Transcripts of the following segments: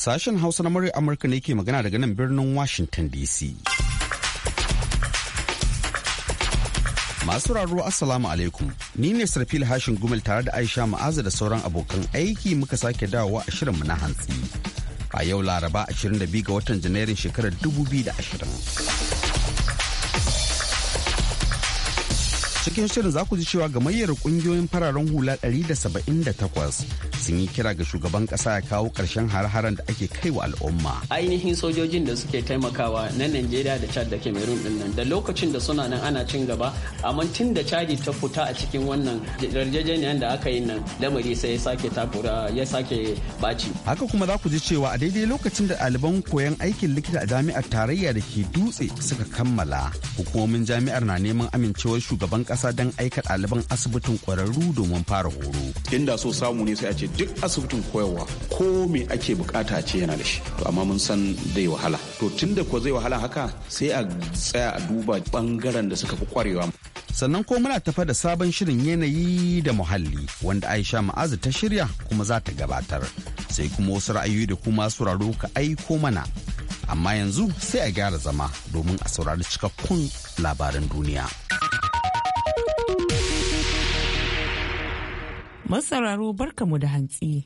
Sashen Hausa na murya Amurka ne ke magana daga nan birnin Washington DC. Masu raro Assalamu alaikum, ni ne Sarfil Hashin Gumel tare da Aisha Ma'aza da sauran abokan aiki muka sake dawowa a shirin mu na hantsi. A yau Laraba 22 ga watan Janairun shekarar 2020. cikin shirin za ku ji cewa ga gamayyar kungiyoyin fararen hula 178 sun yi kira ga shugaban kasa ya kawo karshen har-haren da ake kai wa al'umma ainihin sojojin da suke taimakawa na najeriya da chad da cameroon din nan da lokacin da suna nan ana cin gaba amma tun da chadi ta fita a cikin wannan yarjejeniyar da aka yi nan lamari sai ya sake takura ya sake baci haka kuma za ku ji cewa a daidai lokacin da ɗaliban koyon aikin likita a jami'ar tarayya da ke dutse suka kammala hukumomin jami'ar na neman amincewar shugaban ƙasa don aika ɗaliban asibitin ƙwararru domin fara horo. Inda so samu ne sai a ce duk asibitin koyarwa ko me ake bukata ce yana da shi. To amma mun san zai wahala. To tun da zai wahala haka sai a tsaya a duba ɓangaren da suka fi ƙwarewa. Sannan ko muna tafa da sabon shirin yanayi da muhalli wanda Aisha Ma'azu ta shirya kuma za ta gabatar. Sai kuma wasu ra'ayoyi da kuma sauraro ka aiko mana amma yanzu sai a gyara zama domin a saurari cikakkun labaran duniya. matsararo barkamu da hantsi.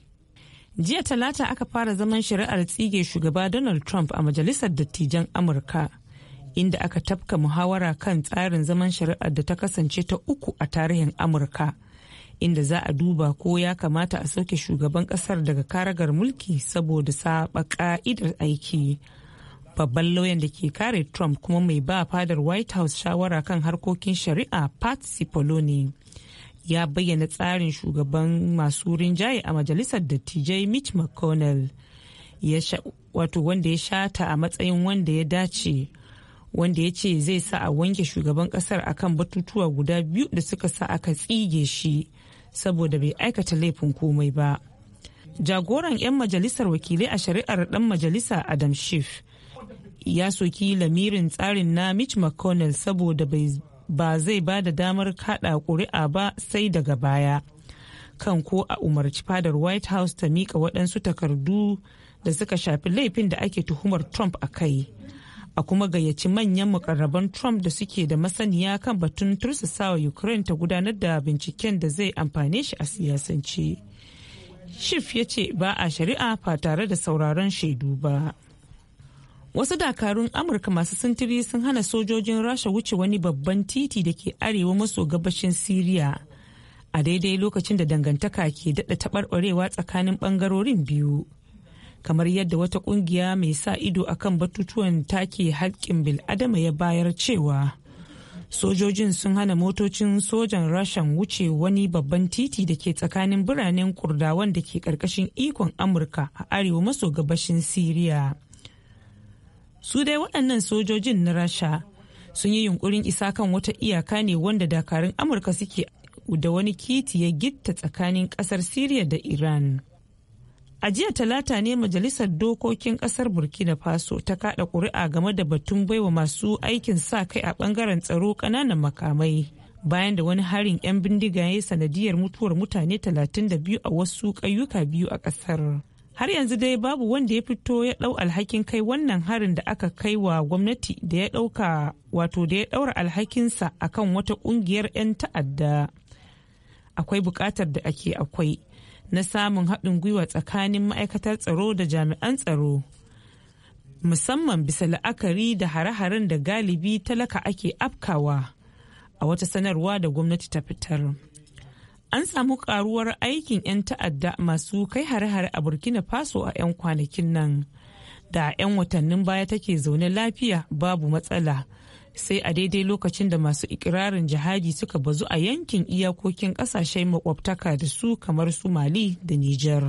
Jiya talata aka fara zaman shari'ar tsige shugaba Donald Trump a Majalisar Dattijan Amurka, inda aka tafka muhawara kan tsarin zaman shari'ar da ta kasance ta uku a tarihin Amurka, inda za a duba ko ya kamata a soke shugaban kasar daga karagar mulki saboda saba ka'idar aiki. Babban lauyan da ke kare Trump kuma mai ba fadar White House shawara kan harkokin shari'a Pat Cipollone. ya bayyana tsarin shugaban masu rinjaye a majalisar dattijai mitch mcconnell wato wanda ya shata a matsayin wanda ya dace wanda ya ce zai sa a wanke shugaban kasar akan batutuwa guda biyu da suka sa aka tsige shi saboda bai aikata laifin komai ba jagoran 'yan majalisar wakilai a shari'ar dan majalisa adam schiff ya soki lamirin tsarin na mitch mcconnell saboda bai ba zai ba da damar kada kuri'a ba sai daga baya kan ko a umarci fadar white house ta mika waɗansu takardu da suka shafi laifin da ake tuhumar trump a kai a kuma gayyaci manyan mukarraban trump da suke da masaniya kan batun tursasawa ukraine ta gudanar da binciken da zai amfane shi a siyasance shif ya ce ba a shari'a ba tare da sauraron shaidu ba wasu dakarun amurka masu sintiri sun hana sojojin rasha wuce wani babban titi da ke arewa maso gabashin siriya a daidai lokacin da dangantaka ke daɗa taɓarɓarewa tsakanin ɓangarorin biyu kamar yadda wata ƙungiya mai sa ido a kan batutuwan take haƙƙin bil'adama ya bayar cewa sojojin sun hana motocin sojan rashan wuce wani babban titi da ke tsakanin biranen kurdawan da ke ƙarƙashin ikon amurka a arewa maso gabashin siriya su dai waɗannan sojojin na rasha sun yi yunkurin isa kan wata iyaka ne wanda dakarun amurka suke da wani kiti ya gitta tsakanin ƙasar siriya da iran a jiya talata ne majalisar dokokin ƙasar burkina faso ta kaɗa ƙuri'a game da batun baiwa masu aikin sa kai a ɓangaren tsaro ƙananan makamai bayan da wani harin 'yan bindiga ya sanadiyar mutuwar mutane 32 a wasu ƙayyuka biyu a ƙasar. har yanzu dai babu wanda ya fito ya dau alhakin kai wannan harin da aka kai wa gwamnati da ya dauka wato da ya daura alhakinsa akan wata kungiyar 'yan ta'adda akwai bukatar da ake akwai na samun haɗin gwiwa tsakanin ma'aikatar tsaro da jami'an tsaro musamman bisa la'akari da hare-haren da galibi talaka ake afkawa a wata sanarwa da gwamnati ta fitar. an samu karuwar aikin 'yan ta'adda masu kai hare-hare a burkina faso a 'yan kwanakin nan da 'yan watannin baya take zaune lafiya babu matsala sai a daidai lokacin da masu ikirarin jihadi suka bazu a yankin iyakokin kasashe makwabtaka da su kamar su mali da nijar.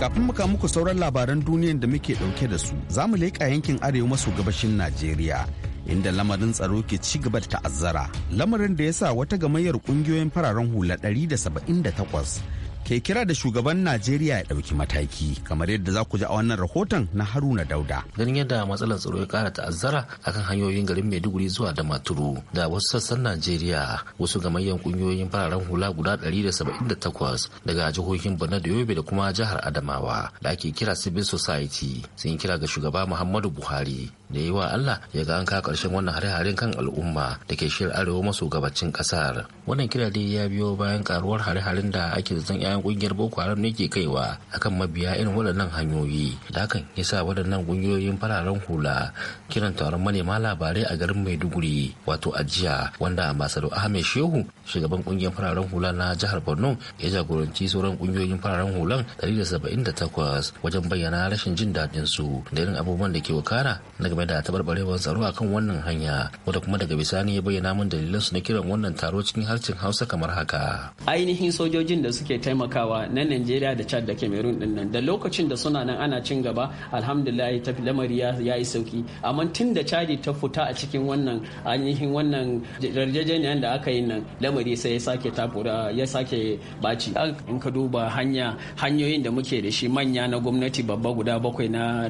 kafin muka muku sauran labaran duniyan da muke dauke da su za mu leƙa yankin arewa maso gabashin najeriya inda lamarin tsaro ke ci gaba da ta'azzara lamarin da ya sa wata gamayyar kungiyoyin fararen hula 178 ke kira da shugaban najeriya ya ɗauki mataki kamar yadda za ku ji a wannan rahoton na haruna dauda ganin yadda matsalar tsaro ya ƙara ta'azzara akan hanyoyin garin maiduguri zuwa da maturu da wasu sassan najeriya wasu gamayyan kungiyoyin fararen hula guda ɗari da da saba'in takwas daga jihohin borno da yobe da kuma jihar adamawa da ake kira civil society sun kira ga shugaba muhammadu buhari da yi wa allah ya ga an ka karshen wannan hare-haren kan al'umma da ke shirya arewa maso gabacin kasar wannan kira dai ya biyo bayan karuwar hare-haren da ake zaton bayan kungiyar boko haram ne ke kaiwa akan mabiya irin waɗannan hanyoyi da hakan ya sa waɗannan kungiyoyin fararen hula kiran taron manema labarai a garin maiduguri wato ajiya wanda ambasado ahmed shehu shugaban kungiyar fararen hula na jihar borno ya jagoranci sauran kungiyoyin fararen hulan 178 wajen bayyana rashin jin daɗin su da irin abubuwan da ke wakana na game da tabarbarewar tsaro akan wannan hanya wanda kuma daga bisani ya bayyana mun dalilan su na kiran wannan taro cikin harshen hausa kamar haka ainihin sojojin da suke taimaka taimakawa na Najeriya da Chad da Cameroon din nan da lokacin da suna nan ana cin gaba alhamdulillah ta lamari ya yi sauki amma tun da Chad ta fita a cikin wannan ainihin wannan yarjejeniyar da aka yi nan lamari sai ya sake tabura ya sake baci in ka duba hanya hanyoyin da muke da shi manya na gwamnati babba guda bakwai na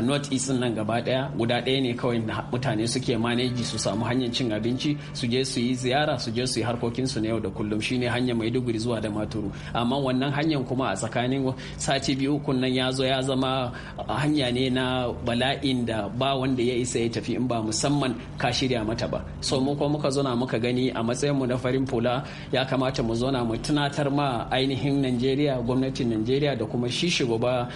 north east nan gaba daya guda daya ne kawai da mutane suke maneji su samu hanyar cin abinci su je su yi ziyara su je su yi harkokin su na yau da kullum shine hanya maiduguri zuwa da maturu a amma wannan hanyar kuma a tsakanin sati biyu ukun nan ya zo ya zama hanya ne na bala'in da ba wanda ya isa ya tafi in ba musamman ka shirya mata ba so mu ko muka zona muka gani a matsayin mu na farin fula ya kamata mu zona mu tunatar ma ainihin Najeriya gwamnatin Najeriya da kuma shi shugaba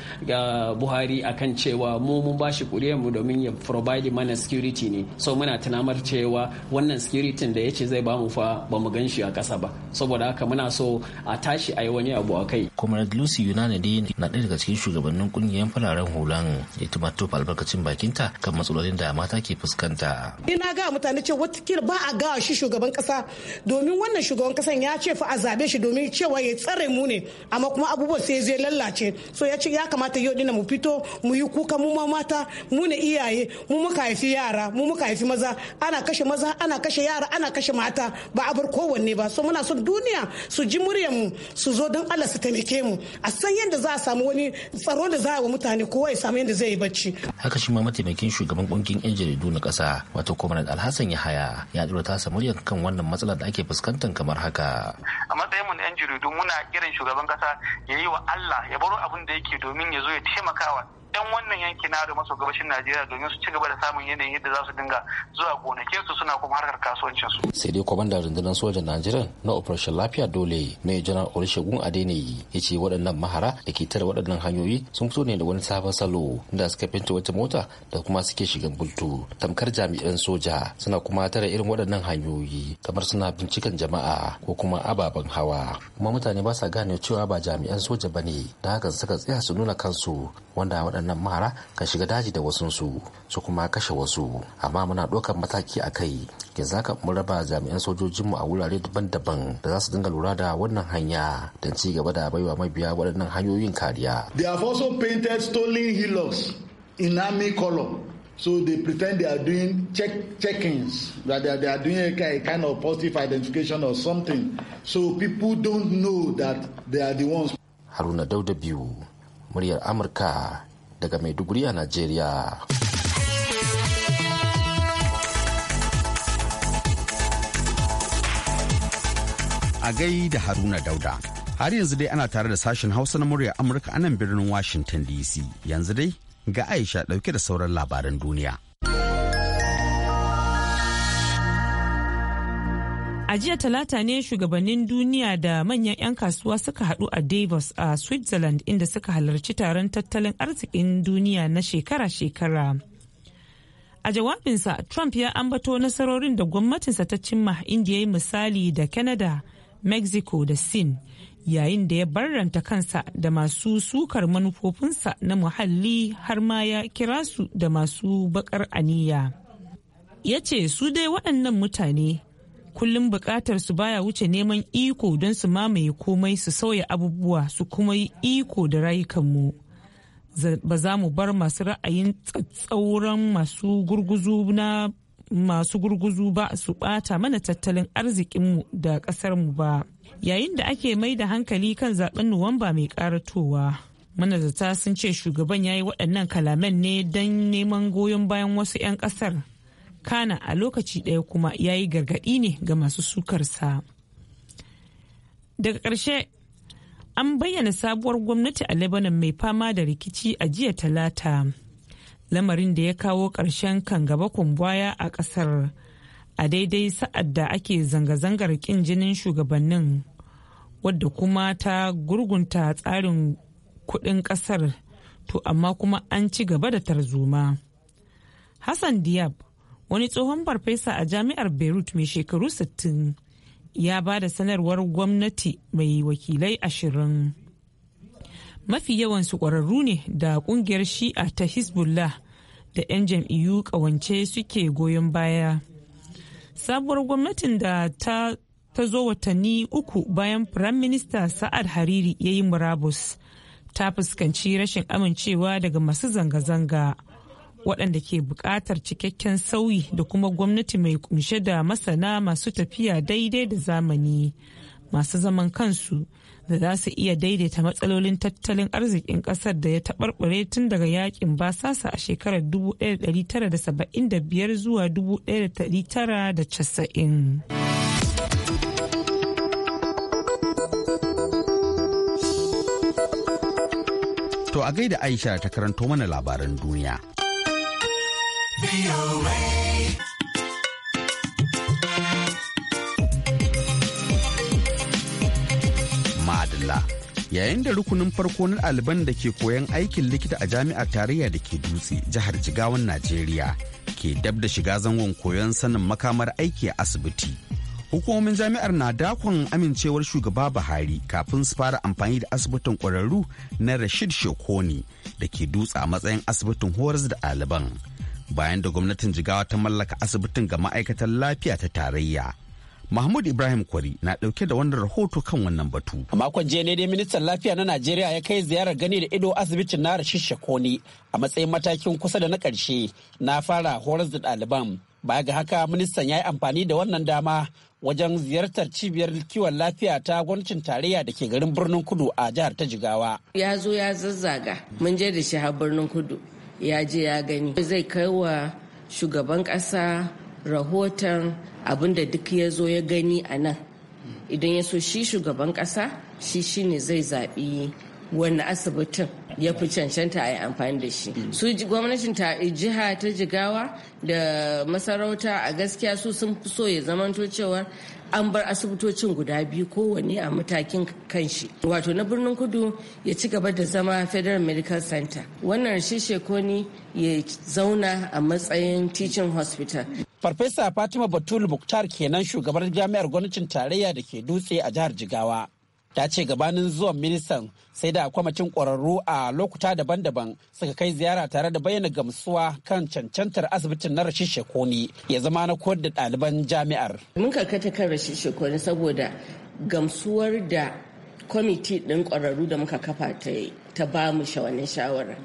Buhari akan cewa mu mun bashi kuriyar mu domin ya provide mana security ne so muna tunamar cewa wannan security da yace zai ba mu fa ba mu gan shi a ƙasa ba saboda haka muna so a tashi a yi wani abu a kai. Comrade Lucy Yunani dai na ɗaya daga cikin shugabannin ƙungiyar fararen hulan ya tuma albarkacin bakinta kan matsalolin da mata ke fuskanta. Ina ga mutane ce watakila ba a gawa shi shugaban ƙasa domin wannan shugaban ƙasan ya ce fa a zaɓe shi domin cewa ya tsare mu ne amma kuma abubuwan sai zai lallace so ya ce ya kamata yau dina mu fito mu yi kuka mu ma mata mu ne iyaye mu muka haifi yara mu muka haifi maza ana kashe maza ana kashe yara ana kashe mata ba a bar kowanne ba so muna son duniya su ji mu su zo don Allah su taimake mu a san yadda za a samu wani tsaro da za a wa mutane kowa ya samu yadda zai yi bacci haka shi ma mataimakin shugaban kungiyar yan jaridu na kasa wato comrade alhassan yahaya ya dora tasa muryar kan wannan matsala da ake fuskantar kamar haka a matsayin mu na yan jaridu muna kiran shugaban ƙasa ya yi wa Allah ya baro abin da yake domin ya zo ya taimakawa 'yan wannan yanki na maso gabashin Najeriya domin su ci gaba da samun yanayin yadda za su dinga zuwa gonakin su suna kuma harkar kasuwancin su. Sai dai kwamandan rundunar sojan Najeriya na operation lafiya dole mai janar Olusegun Adeniyi ya ce waɗannan mahara da ke tare waɗannan hanyoyi sun fito ne da wani sabon salo da suka fenta wata mota da kuma suke shigan bultu tamkar jami'an soja suna kuma tare irin waɗannan hanyoyi kamar suna bincikan jama'a ko kuma ababen hawa kuma mutane ba sa gane cewa ba jami'an soja ba ne da hakan suka tsaya su nuna kansu wanda waɗannan mara ka shiga daji da wasu su su kuma kashe wasu amma muna ɗaukar mataki a kai yanzu haka mun raba jami'an sojojinmu a wurare daban-daban da za su dinga lura da wannan hanya don ci gaba da baiwa mabiya waɗannan hanyoyin kariya. They have also painted stolen hillocks in army color. So they pretend they are doing check check that they are, they are doing a, a kind of positive identification or something. So people don't know that they are the ones. Haruna Dauda biyu, muryar Amurka daga Maiduguri a Najeriya. A gai da Haruna Dauda. Har yanzu dai ana tare da sashen Hausa na murya Amurka a nan birnin Washington DC. Yanzu dai ga Aisha ɗauke da sauran labaran duniya. A jiya talata ne shugabannin duniya da manyan 'yan kasuwa suka hadu a Davos a Switzerland inda suka halarci taron tattalin arzikin duniya na shekara-shekara. A jawabinsa, Trump ya ambato nasarorin da gwamnatinsa ta cimma inda ya yi misali da Canada, Mexico da Sin, yayin da ya barranta kansa da masu sukar manufofinsa na muhalli har ma ya kira su da masu bakar aniya. Ya ce su dai waɗannan mutane kullum bukatar su baya wuce neman iko don su mamaye komai su sauya abubuwa su kuma yi iko da rayukanmu ba za mu bar masu ra'ayin tsatsauran masu gurguzu na masu gurguzu ba su bata mana tattalin arzikinmu da ƙasarmu ba yayin da ake mai da hankali kan zaben nuwamba mai karatowa manazata sun ce shugaban ya yi waɗannan kalaman ne don neman goyon bayan wasu 'yan ƙasar kana a lokaci ɗaya kuma ya yi gargaɗi ne ga masu sukarsa daga ƙarshe an bayyana sabuwar gwamnati a lebanon mai fama da rikici a jiya talata lamarin da ya kawo ƙarshen kan gaba kumbaya a ƙasar a daidai sa'ad da ake zanga-zangar ƙin jinin shugabannin wadda kuma ta gurgunta tsarin kuɗin ƙasar to amma kuma an ci gaba da tarzoma hassan diab wani tsohon farfesa a jami'ar beirut mai shekaru 60 ya ba da sanarwar gwamnati mai wakilai ashirin mafi yawan su ƙwararru ne da ƙungiyar shi'a ta hezbollah da 'yan jam'iyyu ƙawance suke goyon baya sabuwar gwamnatin da ta ta zo watanni uku bayan firayim minista sa'ad hariri ya yi murabus ta fuskanci rashin amincewa daga masu zanga-zanga waɗanda ke buƙatar cikakken sauyi da kuma gwamnati mai kunshe da masana masu tafiya daidai da zamani masu zaman kansu da za su iya daidaita matsalolin tattalin arzikin ƙasar da ya taɓarɓare tun daga yakin basasa a shekarar 1975 zuwa 1990. To a gaida Aisha ta karanto mana labaran duniya Madalla. Yayin da rukunin farko na ɗaliban da ke koyan aikin likita a jami'ar tarayya da ke dutse jihar Jigawan Najeriya ke dab da shiga zangon koyon sanin makamar aiki a asibiti. hukumomin jami'ar na dakon amincewar shugaba buhari kafin su fara amfani da asibitin ƙwararru na rashid shekoni da ke dutse a matsayin asibitin horas da ɗaliban bayan da gwamnatin jigawa ta mallaka asibitin ga ma'aikatan lafiya ta tarayya Mahmud Ibrahim Kwari na ɗauke da wannan rahoto kan wannan batu. A makon jiya ne dai ministan lafiya na Najeriya ya kai ziyarar gani da ido asibitin na Rashid Shakoni a matsayin matakin kusa da na ƙarshe na fara horar da ɗaliban. Baya ga haka ministan ya yi amfani da wannan dama wajen ziyartar cibiyar kiwon lafiya ta gwamnatin tarayya da ke garin birnin kudu a jihar ta Jigawa. Ya zo ya zazzaga mun je da shi har birnin kudu. ya je ya gani zai kai wa shugaban ƙasa rahoton abin da duk ya zo ya gani a nan idan ya so shi shugaban ƙasa shi shine zai zaɓi wani asibitin ya fi cancanta a yi amfani da shi mm. su gwamnatin ta jiha ta jigawa da masarauta a gaskiya su sun fi so ya zamanto cewa an bar asibitocin guda biyu kowanne a matakin kanshi wato na birnin kudu ya ci gaba da zama federal medical center wannan rashin koni ya zauna a matsayin teaching hospital farfesa fatima batul buktar kenan shugabar jami'ar gwamnatin tarayya da ke dutse a jihar jigawa ta ce gabanin zuwan ministan sai da kwamacin kwararru a lokuta daban-daban suka kai ziyara tare da bayyana gamsuwa kan cancantar asibitin na rashin shekoni ya zama na koyar da ɗaliban jami'ar. mun karkata kan rashin shekoni saboda gamsuwar da kwamiti ɗin ƙwararru da muka kafa ta ta ba mu shawarar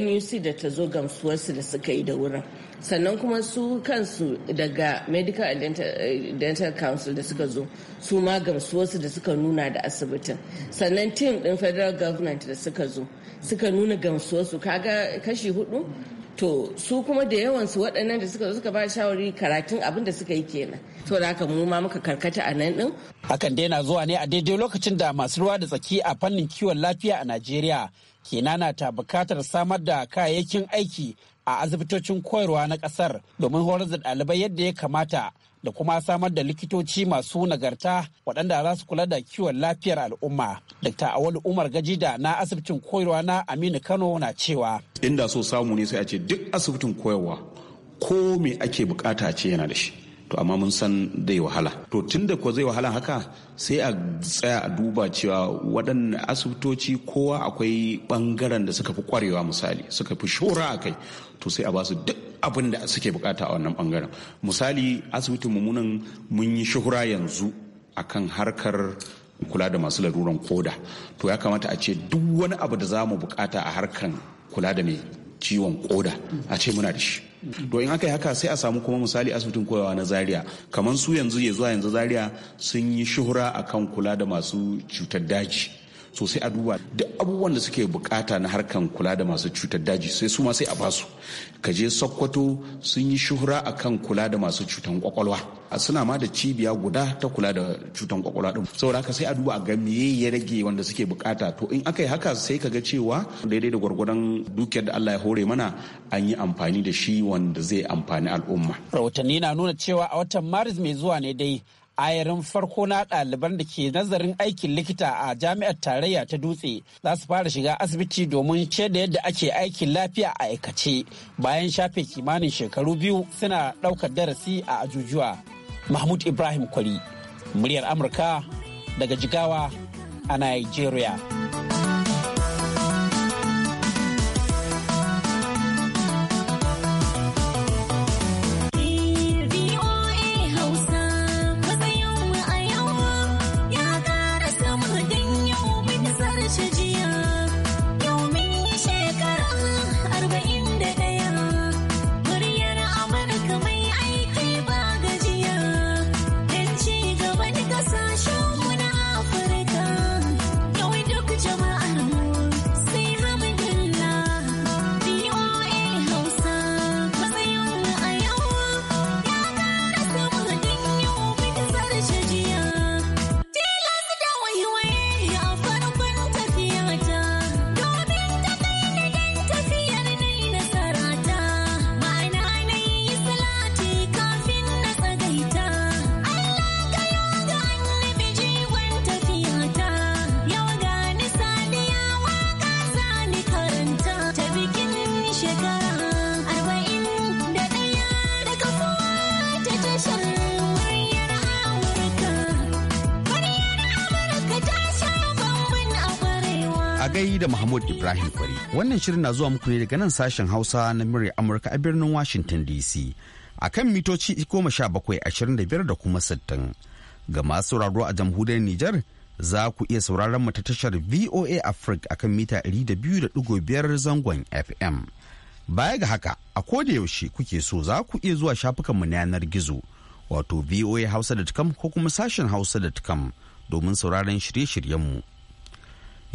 nuc da ta zo gamsuwarsu da suka yi da wurin sannan kuma su kansu daga medical and eh, dental council da suka zo su ma gamsuwarsu da suka nuna da asibitin sannan team din federal government da suka zo suka nuna gamsuwarsu kaga kashi hudu to su kuma da yawansu waɗannan da suka zo suka ba shawari karatun abin da suka yi kenan to da haka mu ma muka karkata a nan din hakan dai na zuwa ne a daidai lokacin da masu ruwa da tsaki a fannin kiwon lafiya a najeriya kenana ta bukatar samar da kayayyakin aiki a asibitocin koyarwa na ƙasar domin horar da ɗalibai yadda ya kamata da kuma samar da likitoci masu nagarta waɗanda za su kula da kiwon lafiyar al'umma. Dr. Awal Umar Gajida na asibitin koyarwa na Aminu Kano na cewa. Inda so samu ne sai a ce duk asibitin koyarwa ko me ake bukata ce yana da shi. to amma mun san zai wahala to tunda ko zai wahala haka sai a tsaya a duba cewa waɗannan asibitoci kowa akwai ɓangaren da suka fi ƙwarewa misali suka fi shora a kai to sai a ba su duk abin da suke bukata a wannan ɓangaren misali asibitin mummunan mun yi shuhura yanzu akan harkar kula da masu laruran koda to ya kamata a ce duk wani abu da za mu bukata a harkar kula da mai ciwon koda a ce muna da shi to in aka yi haka sai a samu kuma misali asibitin koyawa na zaria kamar su yanzu ya zuwa yanzu zaria sun yi shuhura akan kula da masu cutar daji so sai a duba duk abubuwan da suke bukata na harkan kula da masu cutar daji sai su ma sai a basu ka je sokoto sun yi shuhura a kan kula da masu cutan kwakwalwa suna ma da cibiya guda ta kula da cutar kwakwalwa din saboda haka sai a duba a ga meye ya rage wanda suke bukata to in aka yi haka sai ka ga cewa daidai da gwargwadon dukiyar da Allah ya hore mana an yi amfani da shi wanda zai amfani al'umma rahotanni na nuna cewa a watan maris mai zuwa ne dai ayarin farko na ɗaliban da ke nazarin aikin likita a jami'ar tarayya ta dutse za su fara shiga asibiti domin da yadda ake aikin lafiya a aikace bayan shafe kimanin shekaru biyu suna ɗaukar darasi a ajujuwa mahmud ibrahim kwari muryar amurka daga jigawa a nigeria gai da Mahmud Ibrahim Kwari. Wannan shirin na zuwa muku ne daga nan sashen Hausa na murya Amurka a birnin Washington DC. A kan mitoci goma sha bakwai ashirin da biyar da kuma sittin. Ga masu sauraro a jamhuriyar Nijar za ku iya sauraron mu ta tashar VOA Africa akan mita iri da biyu da ɗigo biyar zangon FM. Baya ga haka, a koda yaushe kuke so za ku iya zuwa shafukanmu na yanar gizo. wato voahausa.com ko kuma sashen hausa.com domin sauraron shirye-shiryenmu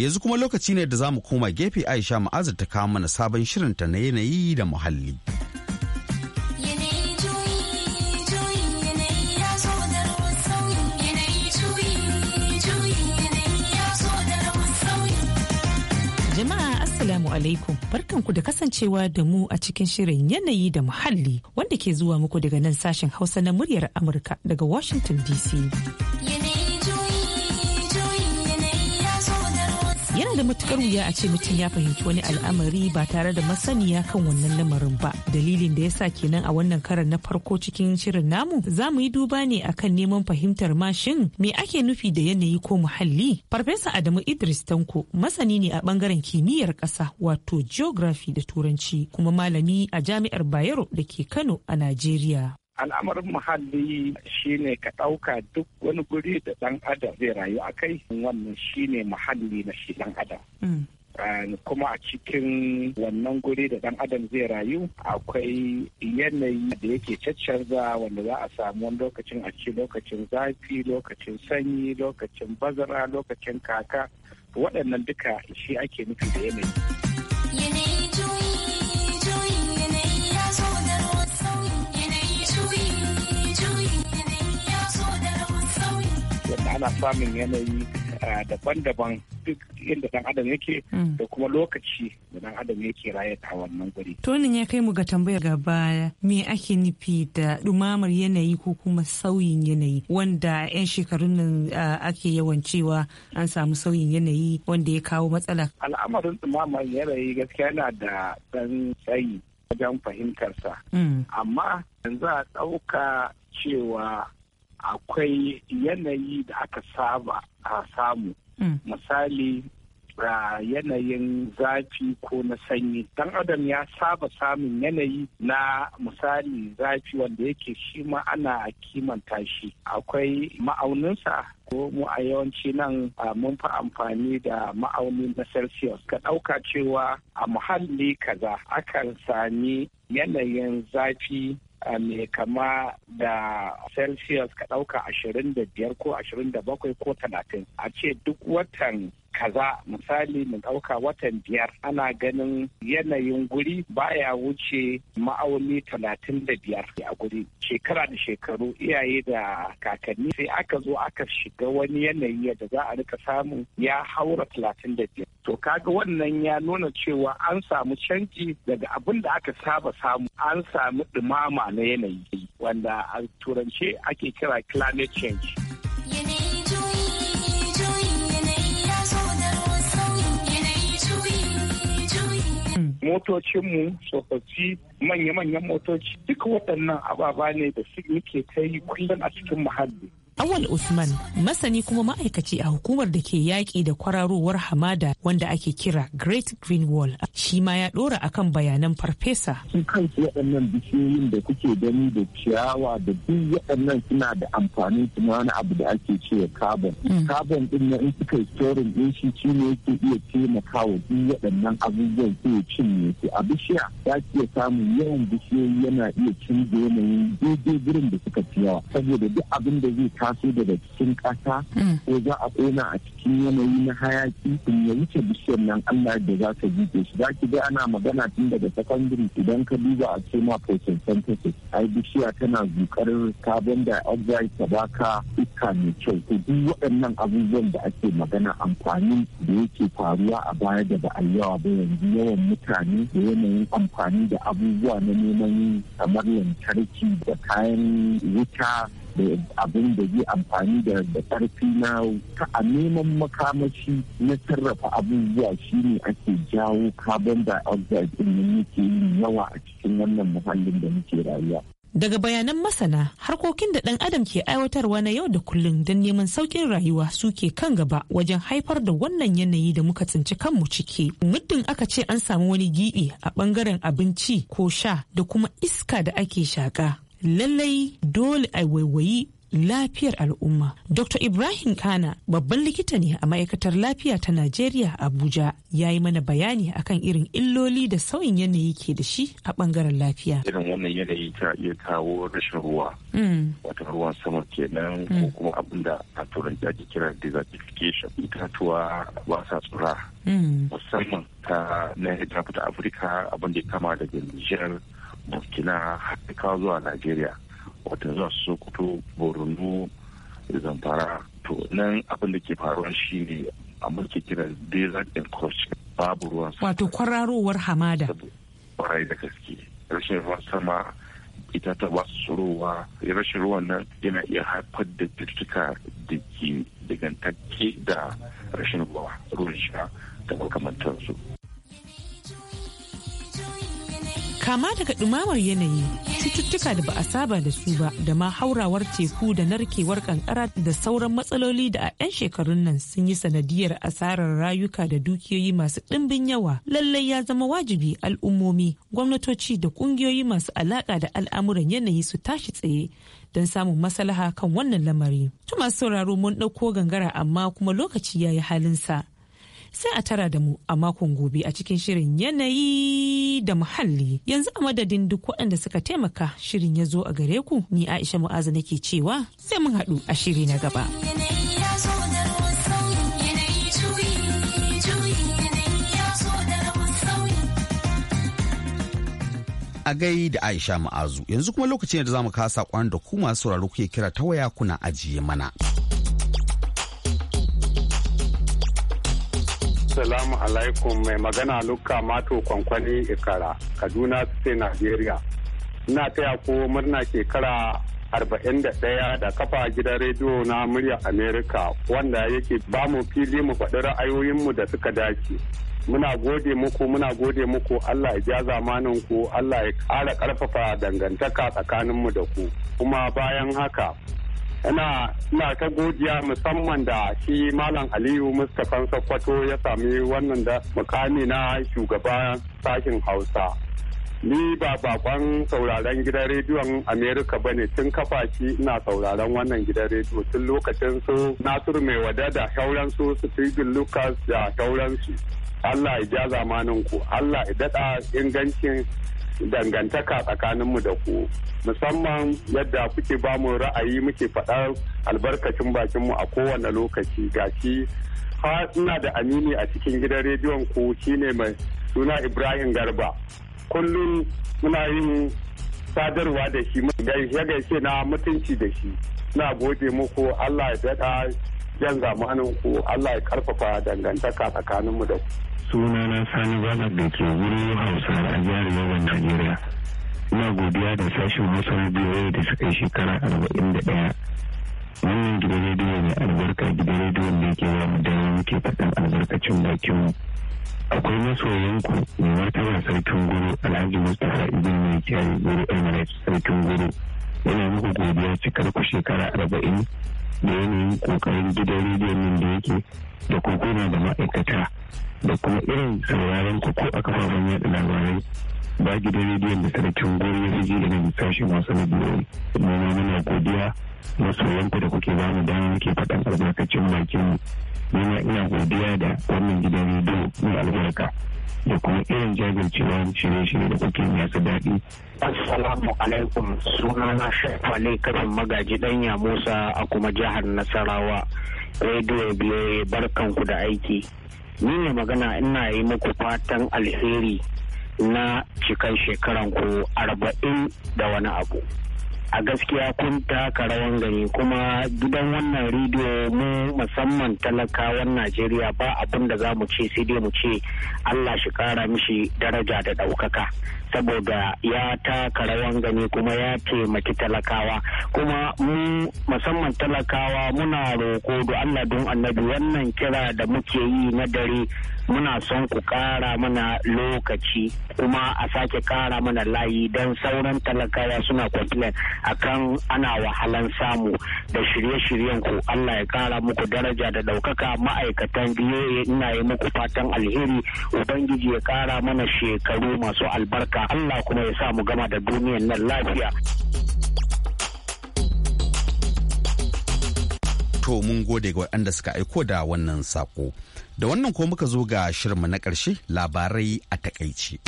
yanzu kuma lokaci ne da za mu koma gefe aisha ma'azar ta kawo mana sabon shirinta na yanayi da muhalli jama'a assalamu alaikum barkanku da kasancewa da mu a cikin shirin yanayi da muhalli wanda ke zuwa muku daga nan sashen hausa na muryar amurka daga washington dc da matukar wuya a ce mutum ya fahimci wani al'amari ba tare da masaniya kan wannan lamarin ba dalilin da ya yasa kenan a wannan karan na farko cikin shirin namu za mu yi duba ne akan neman fahimtar mashin me ake nufi da yanayi ko muhalli farfesa adamu idris tanko masani ne a bangaren kimiyyar ƙasa wato geography da turanci kuma malami a jami'ar bayero da ke kano a najeriya al'amarin muhalli shine ka ɗauka duk wani guri da ɗan adam zai rayu a kai wannan shine muhalli na shi ɗan adam mm. kuma a cikin wannan guri da ɗan adam zai rayu akwai yanayi da yake caccanza wanda za a samu wani lokacin a ci lokacin zafi lokacin sanyi lokacin bazara lokacin kaka waɗannan duka shi ake nufi da yanayi ana samun yanayi daban-daban duk inda dan adam yake mm. da kuma lokaci da dan adam yake raye a wannan guri. Tonin ya kai mu ga tambayar gaba me ake nufi da dumamar yanayi ko kuma sauyin yanayi wanda 'yan shekarun nan ake yawan cewa an samu sauyin yanayi wanda ya kawo matsala. Al'amarin dumamar yanayi gaskiya yana da ɗan tsayi wajen fahimtarsa. Mm. Amma yanzu a ɗauka cewa akwai yanayi da aka saba a samu mm. misali yanayin zafi ko na sanyi dan adam ya saba samun yanayi na misali zafi wanda yake shi ma ana kimanta shi akwai ma'auninsa ko mu a yawanci nan mun fi amfani da ma'auni na celsius ka ɗauka cewa a muhalli kaza akan sami yanayin zafi mai kama da celsius ka ɗauka ashirin da biyar ko ashirin bakwai ko talatin a ce duk watan kaza misali mu ɗauka watan biyar ana ganin yanayin guri baya wuce ma'auni talatin da biyar a guri shekara da shekaru iyaye da kakanni sai aka zo aka shiga wani yanayi da za a rika samu ya haura talatin da biyar to kaga wannan ya nuna cewa an samu canji daga abin da aka saba samu an samu ɗumama na yanayi wanda a turance ake kira climate change mu tsofaffi manya-manyan motoci duka waɗannan ababa ne da su muke ta yi kullum a cikin muhalli Awal Usman masani kuma ma'aikaci a hukumar da ke yaƙi da kwararowar hamada wanda ake kira Great Green Wall shi ma ya ɗora akan bayanan farfesa. Sun kansu waɗannan bishiyoyin da kuke gani da ciyawa da duk waɗannan suna da amfani kuma wani abu da ake cewa carbon. Mm. Carbon ɗin na in suka yi storing ɗin shi shi ne yake iya taimakawa duk waɗannan abubuwan su ya cinye su. A bishiya ya ke samun yawan bishiyoyi yana iya canza yanayin daidai gurin da suka fi yawa saboda duk abin da zai kwaso daga cikin ƙasa mm. ko za a ƙona a cikin yanayi na hayaki in ya wuce bishiyar nan Allah da za ka jike shi za ki ga ana magana tun daga secondary idan ka duba a ce ma photosynthesis ai bishiya tana zukar carbon dioxide ta baka iska mai kyau to duk waɗannan abubuwan da ake magana amfani da yake faruwa a baya da ba a yawa ba yanzu yawan mutane da yanayin amfani da abubuwa na neman kamar lantarki da kayan wuta abin da zai amfani da ƙarfi na a neman makamashi na sarrafa abubuwa shine ake jawo carbon dioxide yi yake yin yawa a cikin wannan muhallin da muke rayuwa. Daga bayanan masana harkokin da ɗan adam ke aiwatarwa na yau da kullum don neman sauƙin rayuwa suke kan gaba wajen haifar da wannan yanayi da muka tsinci kanmu ciki. Muddin aka ce an samu wani giɓi a ɓangaren abinci ko sha da kuma iska da ake shaƙa lallai dole a waiwayi lafiyar al'umma. Dr. Ibrahim Kana babban likita ne a ma'aikatar lafiya ta Najeriya Abuja ya yi mana bayani akan irin illoli da sauyin yanayi ke da shi a bangaren lafiya. Irin wannan yanayi ta iya kawo rashin ruwa. Mm. Wata ruwan sama kenan ko mm. kuma abin da a turanci ake kira desertification. Itatuwa ba sa tsura. Mm. Musamman ta na ta Afirka abin da ya kama daga Nijar burkina kawo zuwa nigeria wata zuwa sokoto borno zamfara to nan abin da ke faruwa shi ne a mulki kira desert encroaching babu ruwan sama wato kwararowar hamada kwarai da gaske rashin ruwan sama ita ta ba su ruwa rashin ruwan nan yana iya haifar da cututtuka da ke dagantakke da rashin ruwa ruwan sha da makamantarsu kama daga ɗumamar yanayi cututtuka da ba a saba da su ba da ma haurawar teku da narkewar kankara da sauran matsaloli da a 'yan shekarun nan sun yi sanadiyar asarar rayuka da dukiyoyi masu ɗimbin yawa lallai ya zama wajibi al'ummomi gwamnatoci da ƙungiyoyi masu alaƙa da al'amuran yanayi su tashi tsaye don samun maslaha kan wannan lamari. Tuma sauraro mun ɗauko gangara amma kuma lokaci ya yi halinsa. sai a tara da mu a makon gobe a cikin shirin yanayi da muhalli yanzu a madadin duk waɗanda suka taimaka shirin ya zo a gare ku ni aisha mu'azu nake cewa sai mun haɗu a shiri na gaba. a gai da Aisha Ma'azu yanzu kuma lokacin da za mu kasa kwan da ku masu sauraro kuke kira ta waya kuna ajiye mana. Assalamu alaikum mai magana Lukka Mato Kwankwani Ikara, Kaduna State Nigeria. Ina taya ko murna shekara 41 da kafa gidan rediyo na murya Amerika wanda yake ba mu fili mu faɗi ra'ayoyinmu da suka dace. Muna gode muku muna gode muku Allah ya ja zamanin ku Allah ya ƙara ƙarfafa dangantaka tsakaninmu da ku. Kuma bayan haka ina ina ta godiya musamman da shi malam aliyu mustafan sokoto ya sami wannan da mukami na shugaban sashen hausa ni ba bakon sauraron gidan rediyon amerika ba ne tun kafa shi ina sauraron wannan gidan rediyo tun lokacin su nasiru mai wada da shauransu su tigin lucas da shauransu allah ya ja zamanin ku allah ya daɗa ingancin dangantaka tsakaninmu da ku musamman yadda kuke ba mu ra'ayi muke faɗa albarkacin bakinmu a kowane lokaci gashi shi ina da amini a cikin gidan rediyon ku shine mai suna ibrahim garba kullum muna yin sadarwa da shi ya gaishe na mutunci da shi na gode muku allah ya daɗa jan zamaninku allah ya karfafa dangantaka tsakaninmu da ku suna na sani bana da ke wuri hausa a jihar yawan najeriya ina godiya da sashen hausa biyoyi da suka yi shekara arba'in da ɗaya wannan gidan rediyo mai albarka gida rediyon da yake yawa mu da muke faɗin albarkacin bakinmu akwai masoyanku mai martaba sarkin guru alhaji mustapha ibn mai kiyaye guru emirates sarkin guru yana muku godiya cikar ku shekara arba'in da yanayin kokarin gidan rediyon nan da yake da kokuna da ma'aikata da kuma irin sauraron ku ko a kafafen yada labarai ba gidan rediyon da sarkin gori ya fi daga sashen wasu na biyu noma muna godiya masoyanku da kuke ba mu dama muke fatan albarkacin bakin mu noma ina godiya da wannan gidan rediyo mai albarka da kuma irin jajircewa shirye-shirye da kuke masu daɗi. Assalamu alaikum sunana Shaifale kafin magaji ɗanya Musa a kuma jihar Nasarawa. Rediyo biyoyi barkanku da aiki. Ni ne magana ina yi muku fatan alheri na cikan shekaran ku arba'in da wani abu a gaskiya kun taka rawan gani kuma gidan wannan rediyo mu musamman talakawan najeriya ba abin da za mu ce sai dai mu ce allah shi kara mishi daraja da ɗaukaka saboda ya taka rawan gani kuma ya taimaki talakawa kuma mu musamman talakawa muna roko da allah don annabi wannan kira da muke yi na dare muna son ku kara mana lokaci kuma a sake kara mana layi don sauran talakawa suna complain akan ana wahalan samu da shirye-shiryen ku Allah ya kara muku daraja da ɗaukaka ma'aikatan biyoyi ina yi muku fatan alheri ubangiji ya kara mana shekaru masu albarka Allah kuma ya sa mu gama da duniyan nan lafiya. to mun gode ga waɗanda suka aiko da wannan sako da wannan ko muka zo ga shirinmu na ƙarshe labarai a takaici.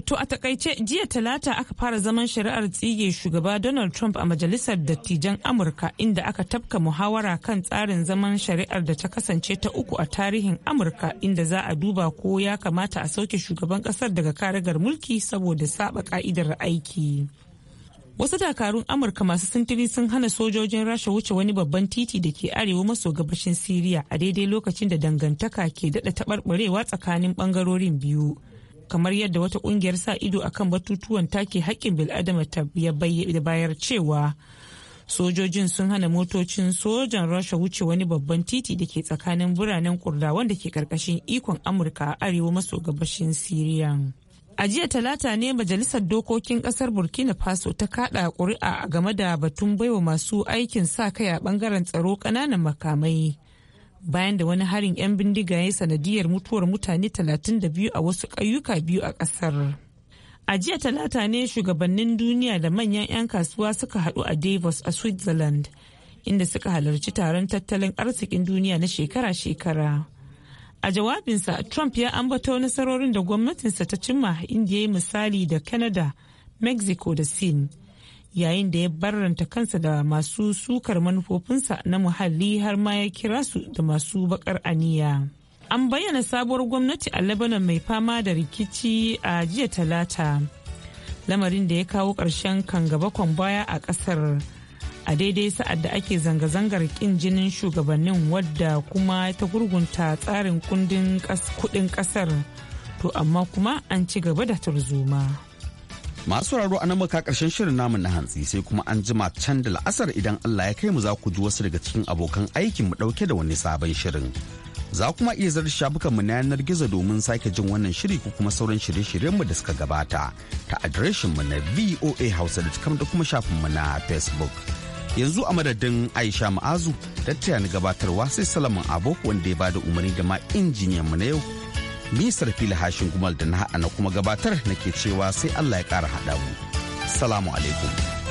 To a takaice jiya talata aka fara zaman shari'ar tsige shugaba Donald Trump a majalisar dattijan Amurka inda aka tafka muhawara kan tsarin zaman shari'ar da ta kasance ta uku a tarihin Amurka inda za a duba ko ya kamata a sauke shugaban kasar daga karagar mulki saboda saba ka'idar aiki. Wasu dakarun Amurka masu sintiri sun hana sojojin Rasha wuce wani babban titi da ke arewa maso gabashin Siriya a daidai lokacin da dangantaka ke daɗa taɓarɓarewa tsakanin ɓangarorin biyu. kamar yadda wata kungiyar sa ido akan batutuwan take haƙƙin bil'adama ta bayar cewa sojojin sun hana motocin sojan rasha wuce wani babban titi da ke tsakanin biranen kurda wanda ke karkashin ikon amurka a arewa maso gabashin siriya a jiya talata ne majalisar dokokin kasar burkina faso ta kada kuri'a game da batun baiwa masu aikin sa kai a bangaren tsaro kananan makamai bayan da wani harin 'yan bindiga ya sanadiyar mutuwar mutane 32 a wasu ƙauyuka biyu a ƙasar. A jiya talata ne shugabannin duniya da manyan 'yan kasuwa suka haɗu a Davos a Switzerland, inda suka halarci taron tattalin arzikin duniya na shekara-shekara. A jawabinsa, Trump ya ambata nasarorin da gwamnatinsa ta cimma inda ya yi misali da Canada, Mexico da Sin. yayin da ya barranta kansa da masu sukar manufofinsa na muhalli har ma ya kira su da masu bakar aniya. An bayyana sabuwar gwamnati a Lebanon mai fama da rikici a jiya talata. Lamarin da ya kawo ƙarshen kan kwan baya a ƙasar. A daidai sa'ad da ake zanga-zangar ƙin jinin shugabannin wadda kuma ta gurgunta tsarin kundin kuɗin ƙasar. To amma kuma an ci gaba da tarzoma. Masu raro a muka karshen shirin namu na hantsi sai kuma an jima can da la'asar idan Allah ya kai mu za ku ji wasu daga cikin abokan aikin mu dauke da wani sabon shirin. Za kuma iya zarar shafukan mu na yanar gizo domin sake jin wannan shiri ko kuma sauran shirye-shiryen mu da suka gabata ta adireshin mu na VOA Hausa da da kuma shafin mu na Facebook. Yanzu a madadin Aisha Ma'azu da ni gabatarwa sai Salamin Abo wanda ya bada umarni da ma injiniyan mu na yau nisar fili hashin gumal da na haɗa kuma gabatar nake cewa sai allah ya ƙara haɗa mu salamu alaikum